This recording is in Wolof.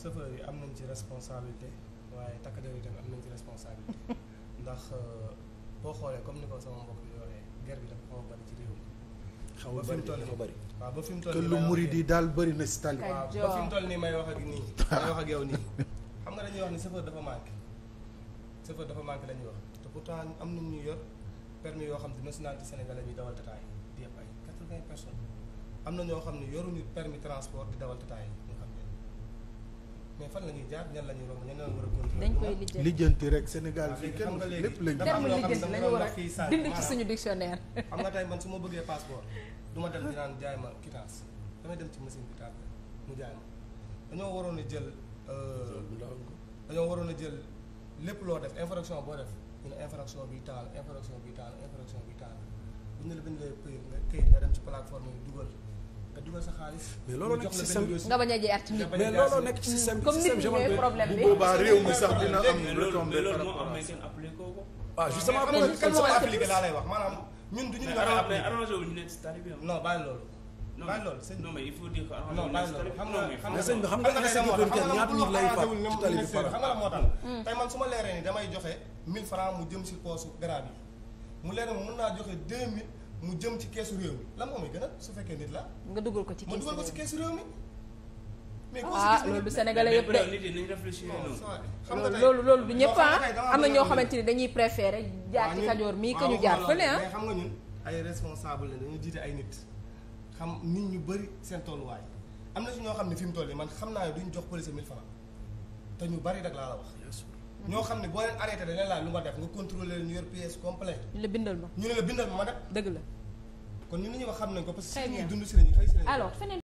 chauffeur yi am nañ ci responsabilité waaye takk der yi tamit am nañ ci responsabilité ndax euh, boo xoolee comme ni ko sama mbokk bi waxee ger bi dafa xaw a ci réew mi. xaw a bëri xaw bëri waaw ba fi mu toll nii lu muri di daal bëri na si tali. waaw ba fi mu toll nii may wax ak nii may wax ak yow nii xam nga dañuy wax ni chauffeur dafa manqué chauffeur dafa manqué la ñuy wax te pourtant am nañ ñu yor permis yoo xam ne nationalité sénégalais bi dawal tataay di yëpp ay am na ñoo xam ne yoruñu permis transport di dawal tataay. fan la ñuy jaar ñan la ñuy romb ñan la war a continuer. dañ koy lijjanti rek Sénégal fii kenn lépp lañu. terme lijjanti lañu war xam nga tey man su ma bëggee passeport du ma dem di naan ma quittance damay dem ci machine bi tàggat mu jaay ma dañoo waroon a jël. Euh, dañoo waroon a jël lépp loo def infraction boo def ñu ne infraction bi taal infraction bi taal infraction bi taal bu ñu la bañ lay pëyil nga këyit nga dem ci plateforme yi dugal. dugal sa xaalis. mais looloo nga bañ a jaar ci mais looloo nekk système comme nit ñi bi nga appliqué ah, mais arrangé mais il nekk si tali bi nga sëñ bi xam nga ñaata nit lay fa nga la moo hmm. mu jëm si poosu garab yi mu leeree mun naa joxe 2000 mu jëm ci keesu réew mi la moom gën a su fekkee nit la. nga dugal ko ci keesu réew mi ma dugal ko ci keesu réew mi. mais ah loolu du sénégalais yëpp de loolu loolu du ñëpp ah. am na ñoo xamante ni dañuy préféré jaar ci kajoor mii que jaar fële ah. mais xam nga ñun ay responsable la dañuy jiite ay nit xam nit ñu bëri seen tolluwaay am na ci ñoo xam ne fi mu toll nii man xam naa ne duñ jox police 1000 francs te ñu bari rek laa la wax. ñoo xam ne boo leen arrêté dañ laa laaj lu ma def nga contrôler ñu yor pièce complet ñu la bindal ma ñu ne la bindal ma ma def. dëgg la kon ñun li ñuy wax xam nañ ko parce que. xëy dund si lañu xëy si lañu. alors feneen.